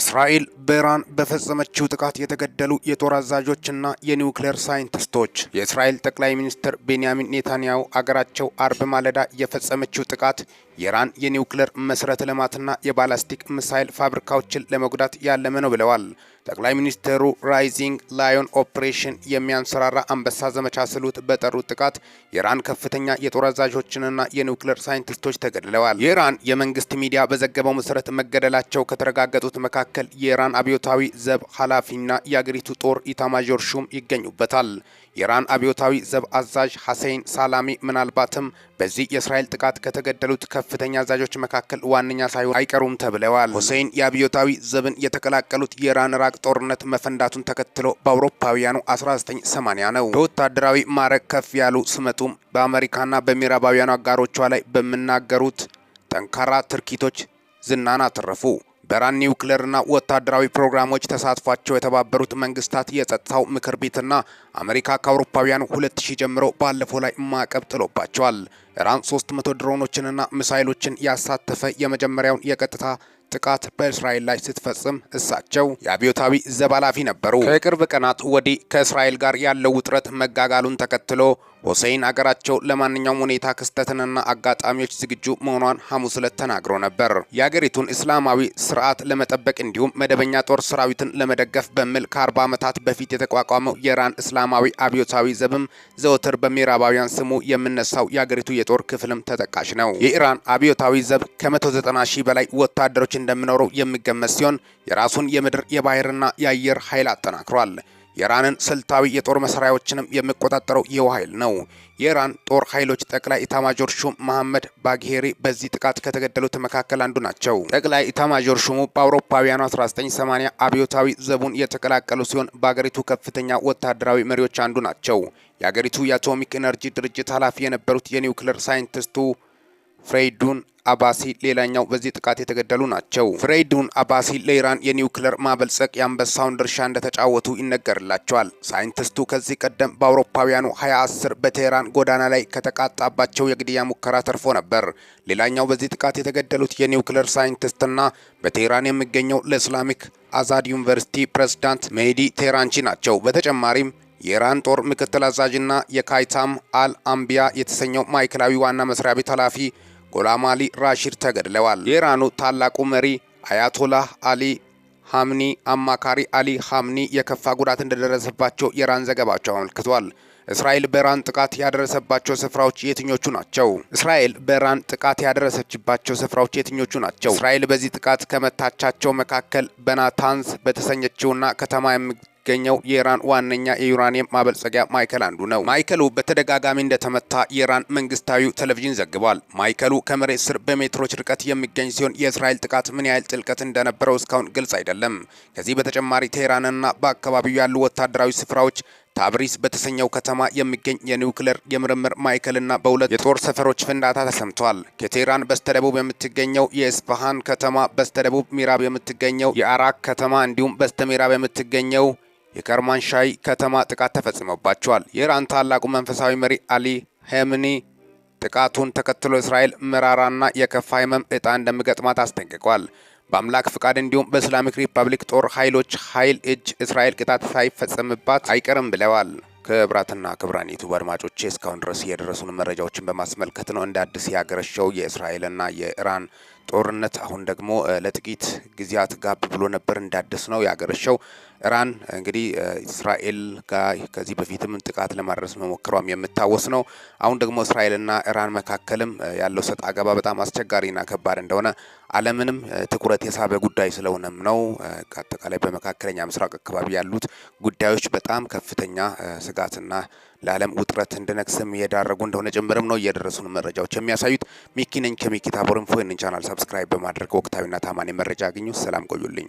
እስራኤል በኢራን በፈጸመችው ጥቃት የተገደሉ የጦር አዛዦችና የኒውክሌር ሳይንቲስቶች። የእስራኤል ጠቅላይ ሚኒስትር ቤንያሚን ኔታንያሁ አገራቸው አርብ ማለዳ የፈጸመችው ጥቃት የኢራን የኒውክሌር መሰረተ ልማትና የባላስቲክ ሚሳይል ፋብሪካዎችን ለመጉዳት ያለመ ነው ብለዋል። ጠቅላይ ሚኒስትሩ ራይዚንግ ላዮን ኦፕሬሽን የሚያንሰራራ አንበሳ ዘመቻ ስሉት በጠሩት ጥቃት የኢራን ከፍተኛ የጦር አዛዦችንና የኒውክሌር ሳይንቲስቶች ተገድለዋል። የኢራን የመንግስት ሚዲያ በዘገበው መሰረት መገደላቸው ከተረጋገጡት መካከል የኢራን የኢራን አብዮታዊ ዘብ ኃላፊና የአገሪቱ ጦር ኢታማዦር ሹም ይገኙበታል። የኢራን አብዮታዊ ዘብ አዛዥ ሐሰይን ሳላሚ ምናልባትም በዚህ የእስራኤል ጥቃት ከተገደሉት ከፍተኛ አዛዦች መካከል ዋነኛ ሳይሆን አይቀሩም ተብለዋል። ሁሴይን የአብዮታዊ ዘብን የተቀላቀሉት የኢራን ኢራቅ ጦርነት መፈንዳቱን ተከትሎ በአውሮፓውያኑ 1980 ነው። በወታደራዊ ማዕረግ ከፍ ያሉ ስመጡም በአሜሪካና በምዕራባውያኑ አጋሮቿ ላይ በሚናገሩት ጠንካራ ትርኪቶች ዝናን አተረፉ። በኢራን ኒውክሌርና ወታደራዊ ፕሮግራሞች ተሳትፏቸው የተባበሩት መንግስታት የጸጥታው ምክር ቤትና አሜሪካ ከአውሮፓውያኑ 2000 ጀምሮ ባለፈው ላይ ማዕቀብ ጥሎባቸዋል። ኢራን 300 ድሮኖችንና ሚሳይሎችን ያሳተፈ የመጀመሪያውን የቀጥታ ጥቃት በእስራኤል ላይ ስትፈጽም እሳቸው የአብዮታዊ ዘብ ኃላፊ ነበሩ። ከቅርብ ቀናት ወዲህ ከእስራኤል ጋር ያለው ውጥረት መጋጋሉን ተከትሎ ሁሴይን አገራቸው ለማንኛውም ሁኔታ ክስተትንና አጋጣሚዎች ዝግጁ መሆኗን ሐሙስ ዕለት ተናግሮ ነበር። የአገሪቱን እስላማዊ ስርዓት ለመጠበቅ እንዲሁም መደበኛ ጦር ሰራዊትን ለመደገፍ በሚል ከ40 ዓመታት በፊት የተቋቋመው የኢራን እስላም እስላማዊ አብዮታዊ ዘብም ዘወትር በምዕራባውያን ስሙ የምነሳው የአገሪቱ የጦር ክፍልም ተጠቃሽ ነው። የኢራን አብዮታዊ ዘብ ከ190 ሺህ በላይ ወታደሮች እንደሚኖረው የሚገመት ሲሆን የራሱን የምድር የባህርና የአየር ኃይል አጠናክሯል። የኢራንን ስልታዊ የጦር መሳሪያዎችንም የሚቆጣጠረው ይኸው ኃይል ነው። የኢራን ጦር ኃይሎች ጠቅላይ ኢታማጆር ሹም መሐመድ ባግሄሪ በዚህ ጥቃት ከተገደሉት መካከል አንዱ ናቸው። ጠቅላይ ኢታማጆር ሹሙ በአውሮፓውያኑ 1980 አብዮታዊ ዘቡን የተቀላቀሉ ሲሆን በአገሪቱ ከፍተኛ ወታደራዊ መሪዎች አንዱ ናቸው። የአገሪቱ የአቶሚክ ኤነርጂ ድርጅት ኃላፊ የነበሩት የኒውክሌር ሳይንቲስቱ ፍሬይዱን አባሲ ሌላኛው በዚህ ጥቃት የተገደሉ ናቸው። ፍሬይዱን አባሲ ለኢራን የኒውክለር ማበልጸቅ የአንበሳውን ድርሻ እንደተጫወቱ ይነገርላቸዋል። ሳይንቲስቱ ከዚህ ቀደም በአውሮፓውያኑ 2010 በቴህራን ጎዳና ላይ ከተቃጣባቸው የግድያ ሙከራ ተርፎ ነበር። ሌላኛው በዚህ ጥቃት የተገደሉት የኒውክሌር ሳይንቲስትና በቴህራን የሚገኘው ለእስላሚክ አዛድ ዩኒቨርሲቲ ፕሬዝዳንት ሜህዲ ቴህራንቺ ናቸው። በተጨማሪም የኢራን ጦር ምክትል አዛዥና የካይታም አል አምቢያ የተሰኘው ማዕከላዊ ዋና መስሪያ ቤት ኃላፊ ጎላም አሊ ራሺድ ተገድለዋል። የኢራኑ ታላቁ መሪ አያቶላህ አሊ ሀምኒ አማካሪ አሊ ሀምኒ የከፋ ጉዳት እንደደረሰባቸው የኢራን ዘገባቸው አመልክቷል። እስራኤል በኢራን ጥቃት ያደረሰባቸው ስፍራዎች የትኞቹ ናቸው? እስራኤል በኢራን ጥቃት ያደረሰችባቸው ስፍራዎች የትኞቹ ናቸው? እስራኤል በዚህ ጥቃት ከመታቻቸው መካከል በናታንስ በተሰኘችውና ከተማ የሚገኘው የኢራን ዋነኛ የዩራኒየም ማበልጸጊያ ማዕከል አንዱ ነው። ማዕከሉ በተደጋጋሚ እንደተመታ የኢራን መንግስታዊ ቴሌቪዥን ዘግቧል። ማዕከሉ ከመሬት ስር በሜትሮች ርቀት የሚገኝ ሲሆን የእስራኤል ጥቃት ምን ያህል ጥልቀት እንደነበረው እስካሁን ግልጽ አይደለም። ከዚህ በተጨማሪ ቴህራንና በአካባቢው ያሉ ወታደራዊ ስፍራዎች ታብሪስ በተሰኘው ከተማ የሚገኝ የኒውክሌር የምርምር ማዕከልና በሁለት የጦር ሰፈሮች ፍንዳታ ተሰምቷል። ከቴህራን በስተደቡብ የምትገኘው የኤስፓሃን ከተማ፣ በስተደቡብ ምዕራብ የምትገኘው የአራክ ከተማ እንዲሁም በስተ በስተምዕራብ የምትገኘው የከርማንሻይ ከተማ ጥቃት ተፈጽሞባቸዋል። የኢራን ታላቁ መንፈሳዊ መሪ አሊ ሄምኒ ጥቃቱን ተከትሎ እስራኤል መራራና የከፋ ህመም እጣ እንደሚገጥማት አስጠንቅቋል። በአምላክ ፍቃድ እንዲሁም በእስላሚክ ሪፐብሊክ ጦር ኃይሎች ኃይል እጅ እስራኤል ቅጣት ሳይፈጸምባት አይቀርም ብለዋል። ክብራትና ክብራን ዩቱብ አድማጮቼ እስካሁን ድረስ የደረሱን መረጃዎችን በማስመልከት ነው እንደ አዲስ ያገረሸው የእስራኤልና የኢራን ጦርነት አሁን ደግሞ ለጥቂት ጊዜያት ጋብ ብሎ ነበር እንዳደስ ነው ያገረሸው። ኢራን እንግዲህ እስራኤል ጋር ከዚህ በፊትም ጥቃት ለማድረስ መሞክሯም የምታወስ ነው። አሁን ደግሞ እስራኤልና ኢራን መካከልም ያለው ሰጥ አገባ በጣም አስቸጋሪና ከባድ እንደሆነ ዓለምንም ትኩረት የሳበ ጉዳይ ስለሆነም ነው። ከአጠቃላይ በመካከለኛ ምስራቅ አካባቢ ያሉት ጉዳዮች በጣም ከፍተኛ ስጋትና ለዓለም ውጥረት እንዲነግስም እየዳረጉ እንደሆነ ጭምርም ነው እየደረሱን መረጃዎች የሚያሳዩት። ሚኪ ነኝ ከሚኪ ታቦር ኢንፎ። ይህንን ቻናል ሰብስክራይብ በማድረግ ወቅታዊና ታማኝ መረጃ አግኙ። ሰላም ቆዩልኝ።